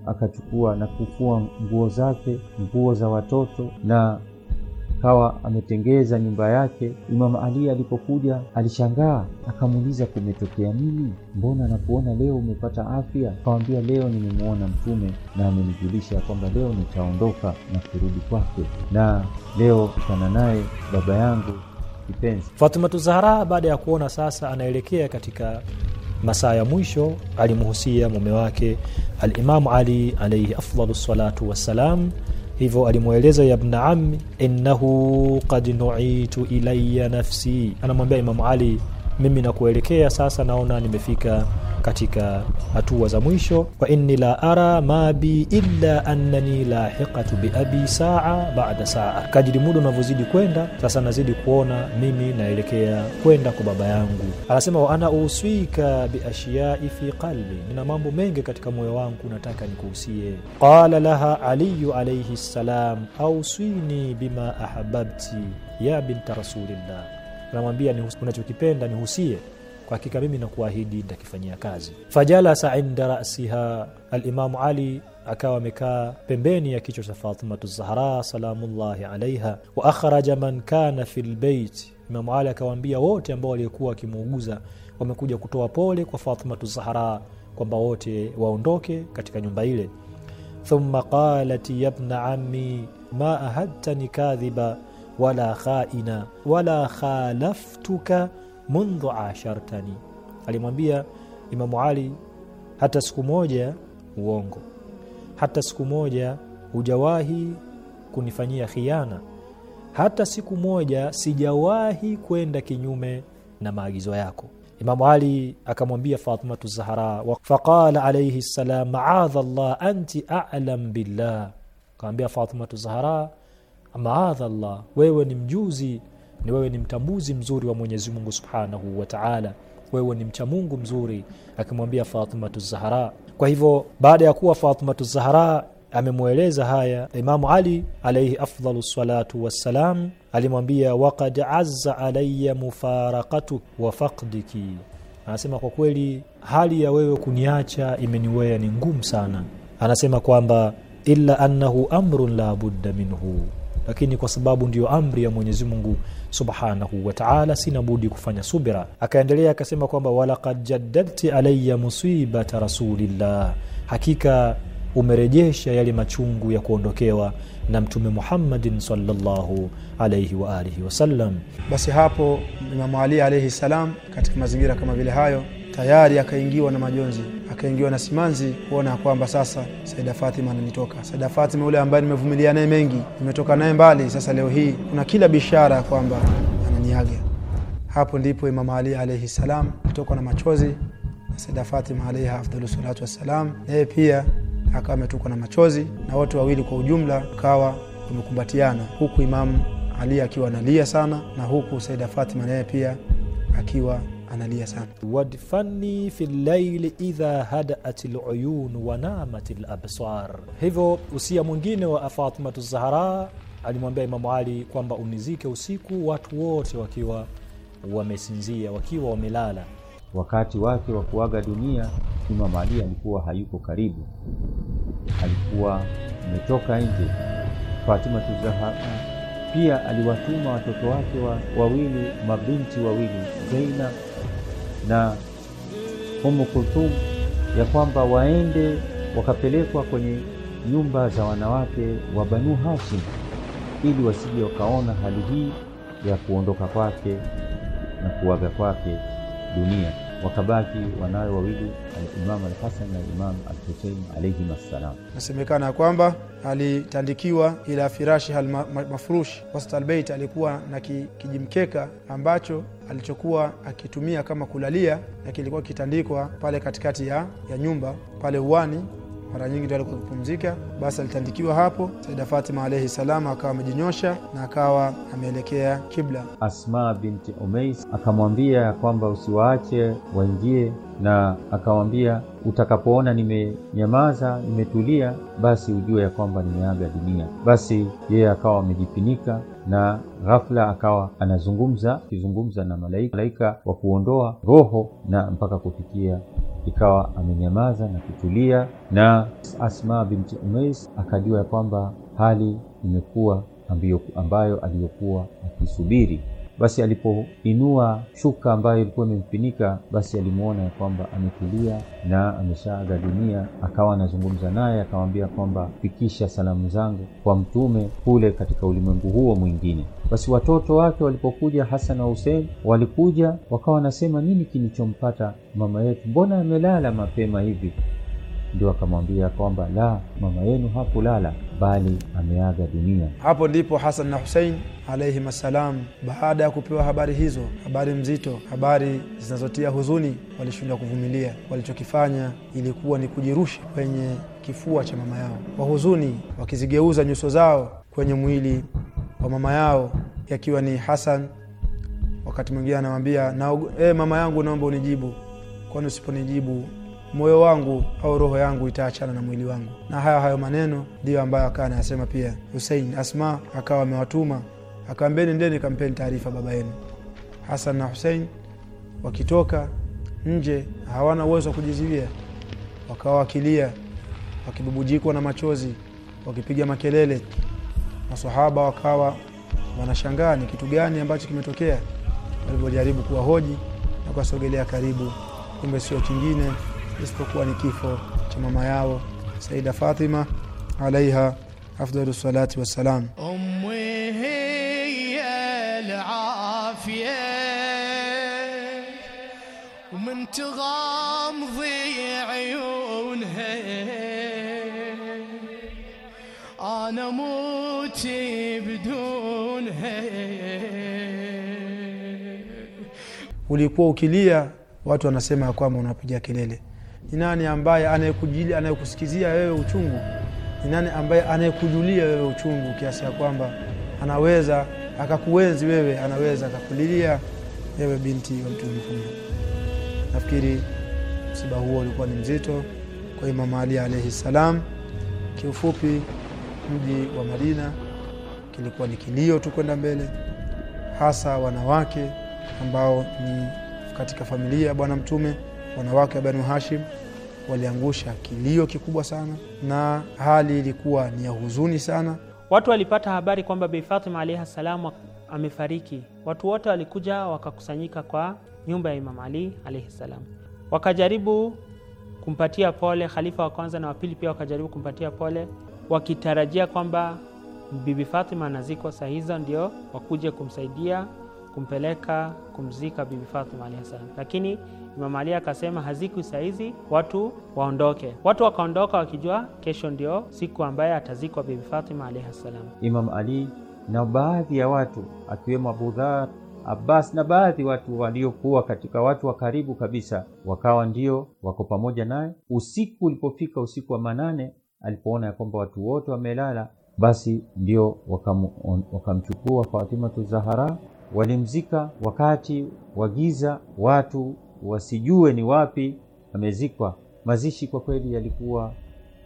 akachukua na kufua nguo zake, nguo za watoto na ikawa ametengeza nyumba yake. Imamu Ali alipokuja alishangaa, akamuuliza kumetokea nini? Mbona nakuona leo umepata afya? Akawambia, leo nimemwona Mtume na amenijulisha kwamba leo nitaondoka na kurudi kwake, na leo kutana naye baba yangu kipenzi. Fatimatu Zahra baada ya kuona sasa anaelekea katika masaa ya mwisho alimhusia mume wake Alimamu Ali alaihi afdalu salatu wassalam hivyo alimweleza yabna ammi innahu qad nuitu ilayya nafsi anamwambia imamu ali mimi nakuelekea sasa naona nimefika katika hatua za mwisho. wa inni la ara ma bi illa annani lahiqatu bi abi saa baada saa, kadiri muda unavyozidi kwenda sasa nazidi kuona mimi naelekea kwenda kwa baba yangu. Anasema wa ana uswika bi ashiyai fi qalbi, nina mambo mengi katika moyo wangu nataka nikuhusie. Qala laha aliyu alayhi salam auswini bima ahababti ya binta rasulillah, anamwambia unachokipenda nihusie kwa hakika mimi nakuahidi ntakifanyia kazi. Fajalasa inda rasiha, Alimamu Ali akawa amekaa pembeni ya kichwa cha Fatimatu Zahra salamullahi alaiha. Wa akhraja man kana fi lbeit Imamu Ali akawaambia wote ambao waliokuwa wakimuuguza wamekuja kutoa pole kwa Fatimatu Zahra kwamba wote waondoke katika nyumba ile. Thumma qalat yabna ammi ma ahadtani kadhiba wala khaina wala khalaftuka mundhu ashartani, alimwambia Imamu Ali, hata siku moja uongo, hata siku moja hujawahi kunifanyia khiana, hata siku moja sijawahi kwenda kinyume na maagizo yako. Imamu Ali akamwambia Fatimatu Zahara, faqala alaihi salam maadha llah anti alam billah, akamwambia Fatimatu Zahara, maadha llah, wewe ni mjuzi ni wewe ni mtambuzi mzuri wa Mwenyezi Mungu Subhanahu wa Ta'ala wewe ni mcha Mungu mzuri akimwambia Fatimatu Zahara kwa hivyo baada ya kuwa Fatimatu Zahara amemweleza haya Imamu Ali alayhi afdalu salatu wassalam alimwambia waqad azza alayya mufaraqatuk wa faqdiki anasema kwa kweli hali ya wewe kuniacha imeniwea ni ngumu sana anasema kwamba illa annahu amrun la budda minhu lakini kwa sababu ndiyo amri ya Mwenyezi Mungu subhanahu wa taala, sina budi kufanya subira. Akaendelea akasema kwamba walakad jaddadti alaya musibata rasulillah, hakika umerejesha yale machungu ya kuondokewa na Mtume Muhammadin salllahu alaihi wa alihi wasallam. Basi hapo Imamu Ali alaihi salam katika mazingira kama vile hayo tayari akaingiwa na majonzi, akaingiwa na simanzi, kuona kwamba sasa Saida Fatima ananitoka. Saida Fatima yule ambaye nimevumilia naye mengi, nimetoka naye mbali, sasa leo hii kuna kila bishara ya kwamba ananiaga. Hapo ndipo Imam Ali alaihi ssalam kutoka na machozi na Saida Fatima alaiha afdalu wassalam, naye pia akawa ametokwa na machozi, na wote wawili kwa ujumla ukawa wamekumbatiana, huku Imamu Ali akiwa analia sana na huku Saida Fatima naye pia akiwa analia sana. Wadfani fi llaili idha hadaat luyun wanamat labsar. Hivyo usia mwingine wa Fatimatu Zahara alimwambia Imamu Ali kwamba unizike usiku watu wote wakiwa wamesinzia, wakiwa wamelala. Wakati wake wa kuaga dunia, Imamu Ali alikuwa hayuko karibu, alikuwa ametoka nje. Fatima Zahara pia aliwatuma watoto wake wawili, mabinti wawili, zeinab na Ummu Kulthum ya kwamba waende wakapelekwa kwenye nyumba za wanawake wa Banu Hashim ili wasije wakaona hali hii ya kuondoka kwake na kuaga kwake dunia wakabaki wanawe wawili alimamu alhasan na imamu Alhusein alaihim assalam. Nasemekana ya kwamba alitandikiwa ila firashi hal wastalbeit wasta alikuwa na kijimkeka ambacho alichokuwa akitumia kama kulalia na kilikuwa kitandikwa pale katikati ya, ya nyumba pale uwani mara nyingi ndio alikuwa akipumzika, basi alitandikiwa hapo. Saida Fatima alaihi salam akawa amejinyosha na akawa ameelekea kibla. Asma binti Umais akamwambia ya kwamba usiwaache waingie, na akawambia utakapoona nimenyamaza, nimetulia, basi ujue ya kwamba nimeaga dunia. Basi yeye akawa amejipinika na ghafla akawa anazungumza, akizungumza na malaika, malaika wa kuondoa roho na mpaka kufikia ikawa amenyamaza na kutulia, na Asma binti Umais akajua ya kwamba hali imekuwa ambayo aliyokuwa akisubiri. Basi alipoinua shuka ambayo ilikuwa imemfinika, basi alimwona ya kwamba ametulia na ameshaaga dunia. Akawa anazungumza naye, akamwambia kwamba fikisha salamu zangu kwa mtume kule katika ulimwengu huo mwingine. Basi watoto wake walipokuja, Hasan na Husein walikuja, wakawa wanasema, nini kilichompata mama yetu? Mbona amelala mapema hivi? ndio akamwambia kwamba la, mama yenu hakulala bali ameaga dunia. Hapo ndipo Hasan na Husein alaihim assalam, baada ya kupewa habari hizo, habari mzito, habari zinazotia huzuni, walishindwa kuvumilia. Walichokifanya ilikuwa ni kujirusha kwenye kifua cha mama yao kwa huzuni, wakizigeuza nyuso zao kwenye mwili wa mama yao, yakiwa ni Hasan. Wakati mwingine anawambia na, e, eh, mama yangu, naomba unijibu, kwani usiponijibu moyo wangu au roho yangu itaachana na mwili wangu. Na hayo hayo maneno ndiyo ambayo akawa anayasema pia Husein. Asma akawa amewatuma akawaambieni, ndeni kampeni taarifa baba yenu. Hasan na Husein wakitoka nje, hawana uwezo wa kujiziwia, wakawa wakilia, wakibubujikwa na machozi, wakipiga makelele. Masahaba wakawa wanashangaa ni kitu gani ambacho kimetokea. Walivyojaribu kuwahoji na kuwasogelea karibu, kumbe sio kingine isipokuwa ni kifo cha mama yao Saida Fatima alaiha afdalu salati wassalam. ulikuwa ukilia watu wanasema ya kwamba unapiga kelele ni nani ambaye anayekujilia anayekusikizia wewe uchungu ni nani ambaye anayekujulia wewe uchungu kiasi ya kwamba anaweza akakuenzi wewe anaweza akakulilia wewe binti wa mtume Muhammad nafikiri msiba huo ulikuwa ni mzito kwa Imam Ali alayhi salam kiufupi mji wa Madina kilikuwa ni kilio tu kwenda mbele hasa wanawake ambao ni katika familia ya bwana mtume wanawake wa Banu Hashim waliangusha kilio kikubwa sana, na hali ilikuwa ni ya huzuni sana. Watu walipata habari kwamba Bi Fatima alaihi salamu amefariki. Watu wote walikuja wakakusanyika kwa nyumba ya Imam Ali alaihi ssalam wakajaribu kumpatia pole. Khalifa wa kwanza na wa pili pia wakajaribu kumpatia pole, wakitarajia kwamba Bibi Fatima anazikwa saa hizo, ndio wakuje kumsaidia kumpeleka kumzika Bibi Fatuma alayhi salam, lakini Imam Ali akasema hazikwi saizi, watu waondoke. Watu wakaondoka wakijua kesho ndio siku ambaye atazikwa Bibi Fatima alayhi salam. Imam Ali na baadhi ya watu akiwemo Abu Dhar, Abbas na baadhi watu waliokuwa katika watu wa karibu kabisa wakawa ndio wako pamoja naye. Usiku ulipofika, usiku wa manane, alipoona ya kwamba watu wote wamelala, basi ndio wakamchukua waka Fatimatu Zahara Walimzika wakati wa giza, watu wasijue ni wapi amezikwa. Mazishi kwa kweli yalikuwa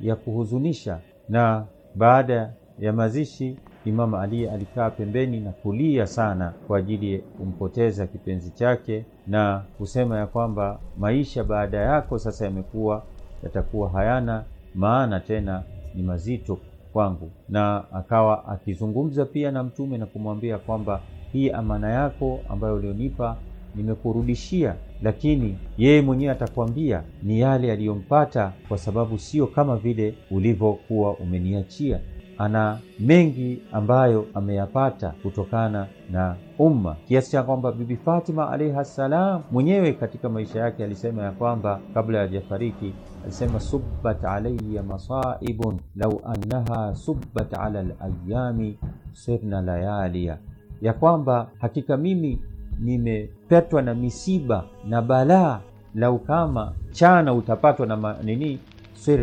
ya kuhuzunisha, na baada ya mazishi Imam Ali alikaa pembeni na kulia sana kwa ajili ya kumpoteza kipenzi chake na kusema ya kwamba maisha baada yako sasa yamekuwa yatakuwa hayana maana tena, ni mazito kwangu. Na akawa akizungumza pia na Mtume na kumwambia kwamba hii amana yako ambayo ulionipa nimekurudishia, lakini yeye mwenyewe atakwambia ni yale aliyompata kwa sababu sio kama vile ulivyokuwa umeniachia. Ana mengi ambayo ameyapata kutokana na umma kiasi cha kwamba Bibi Fatima alaihi ssalam mwenyewe katika maisha yake alisema ya kwamba kabla hajafariki alisema, subbat alaiya masaibun lau annaha subbat ala layami sirna layalia ya kwamba hakika mimi nimepetwa na misiba na balaa la ukama mchana utapatwa na nini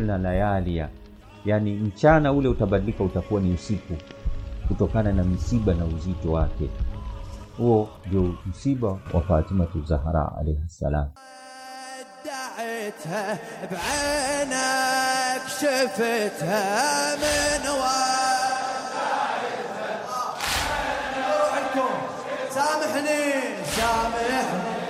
na layalia, yani mchana ule utabadilika utakuwa ni usiku kutokana na misiba na uzito wake. Huo ndio msiba wa Fatima Zahra alayhi salam. بعينك شفتها من وراء سامحني سامحني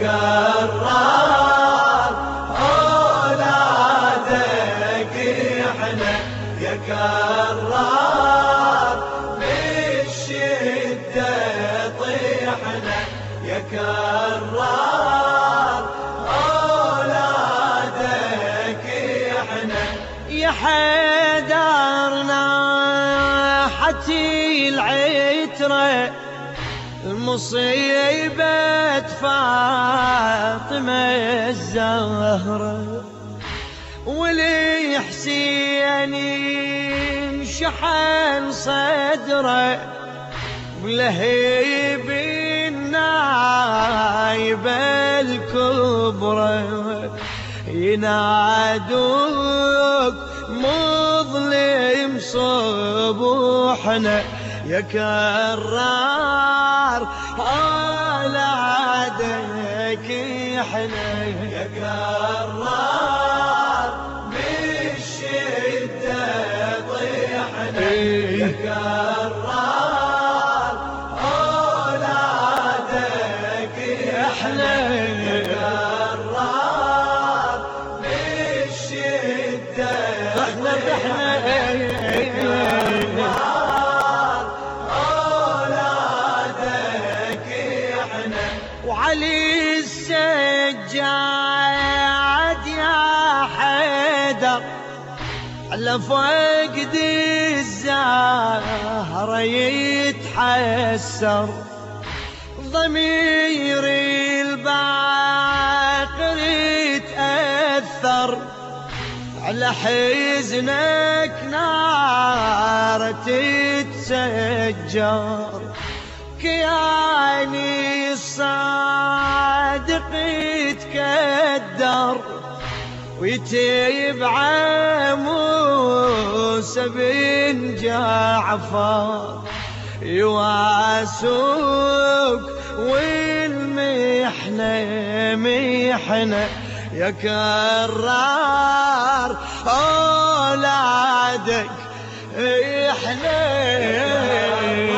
تكرر مصيبة فاطمة الزهرة والحسين شحن صدره ولهيب النايبة الكبرى ينادوك مظلم صبوحنا يا كرار هلا عدك يحلى يا قرار فقدي الزهر يتحسر ضميري الباقر يتأثر على حزنك نار تتسجر كياني الصادق يتكدر ويتيب موسى بن جعفر يواسوك والمحنة محنة يا كرار أولادك احنا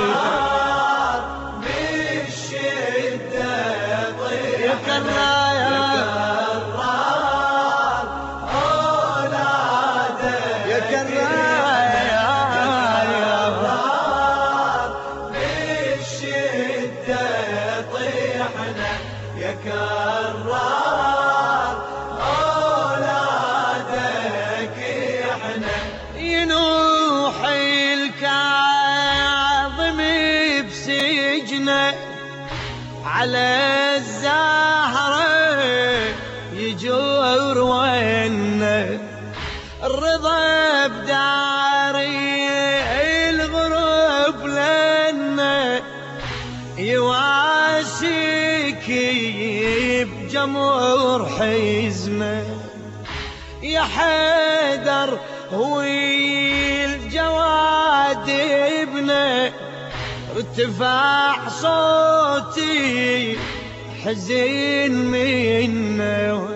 حزين منه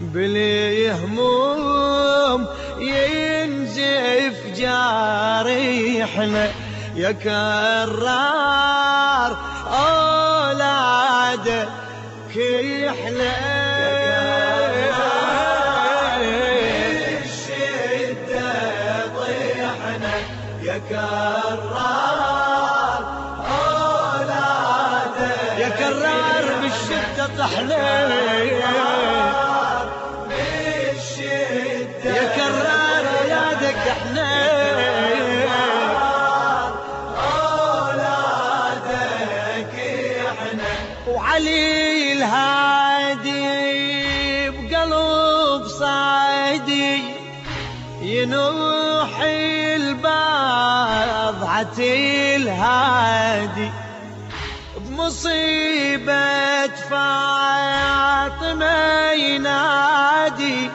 بلي هموم ينزف جاريحنا يا كان عبدي الهادي بمصيبة فاطمة ينادي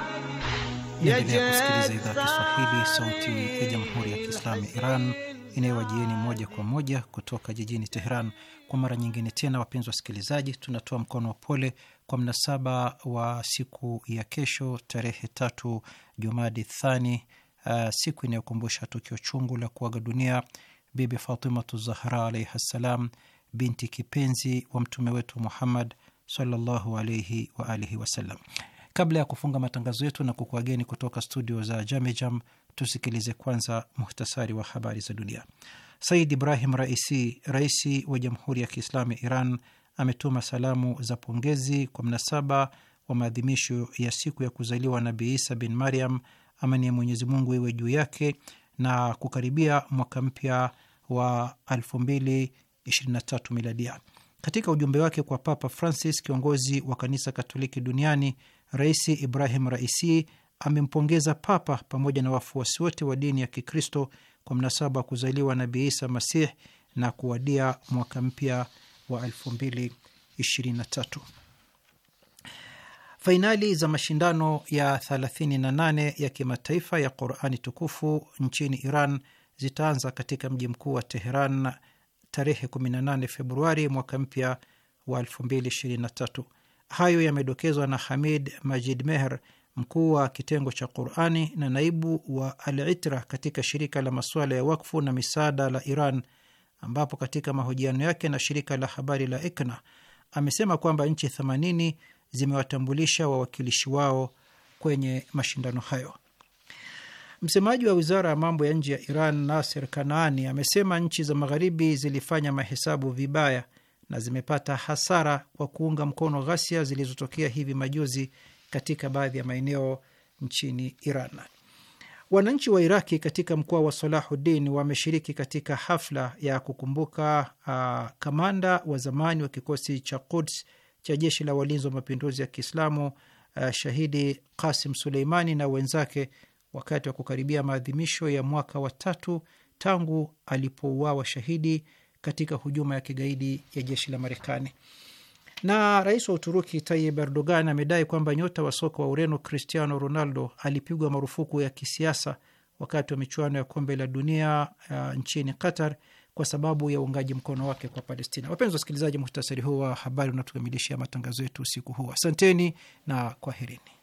Naendelea kusikiliza idhaa Kiswahili sauti ya jamhuri ya Kiislamu ya Iran inayowajieni moja kwa moja kutoka jijini Teheran. Kwa mara nyingine tena, wapenzi wasikilizaji, tunatoa mkono wa pole kwa mnasaba wa siku ya kesho tarehe tatu Jumadi Thani, uh, siku inayokumbusha tukio chungu la kuaga dunia Bibi Fatimatu Zahra alaihi ssalam, binti kipenzi wa mtume wetu Muhammad sallallahu alaihi wa alihi wasallam. Kabla ya kufunga matangazo yetu na kukuageni kutoka studio za Jamejam, tusikilize kwanza muhtasari wa habari za dunia. Said Ibrahim Raisi, rais wa Jamhuri ya Kiislamu ya Iran, ametuma salamu za pongezi kwa mnasaba wa maadhimisho ya siku ya kuzaliwa Nabii Isa bin Mariam, amani ya Mwenyezi Mungu iwe juu yake, na kukaribia mwaka mpya wa 2023 miladia. Katika ujumbe wake kwa Papa Francis, kiongozi wa kanisa Katoliki duniani, Rais Ibrahim Raisi amempongeza Papa pamoja na wafuasi wote wa dini ya Kikristo kwa mnasaba wa kuzaliwa Nabii Isa Masih na kuwadia mwaka mpya wa 2023. Fainali za mashindano ya 38 ya kimataifa ya Qurani tukufu nchini Iran zitaanza katika mji mkuu wa Teheran tarehe 18 Februari mwaka mpya wa 2023. Hayo yamedokezwa na Hamid Majid Meher, mkuu wa kitengo cha Qurani na naibu wa Alitra katika shirika la masuala ya wakfu na misaada la Iran, ambapo katika mahojiano yake na shirika la habari la Ikna amesema kwamba nchi 80 zimewatambulisha wawakilishi wao kwenye mashindano hayo. Msemaji wa wizara ya mambo ya nje ya Iran, naser Kanaani, amesema nchi za Magharibi zilifanya mahesabu vibaya na zimepata hasara kwa kuunga mkono ghasia zilizotokea hivi majuzi katika baadhi ya maeneo nchini Iran. Wananchi wa Iraki katika mkoa wa Salahuddin wameshiriki katika hafla ya kukumbuka uh, kamanda wa zamani wa kikosi cha Quds cha jeshi la walinzi wa mapinduzi ya Kiislamu uh, shahidi Kasim Suleimani na wenzake wakati wa kukaribia maadhimisho ya mwaka wa tatu tangu alipouawa shahidi katika hujuma ya kigaidi ya jeshi la Marekani. Na rais wa Uturuki Tayyip Erdogan amedai kwamba nyota wa soka wa Ureno Cristiano Ronaldo alipigwa marufuku ya kisiasa wakati wa michuano ya kombe la dunia uh, nchini Qatar kwa sababu ya uungaji mkono wake kwa Palestina. Wapenzi wasikilizaji, muhtasari huu wa habari unatukamilishia matangazo yetu usiku huu. Asanteni na kwaherini.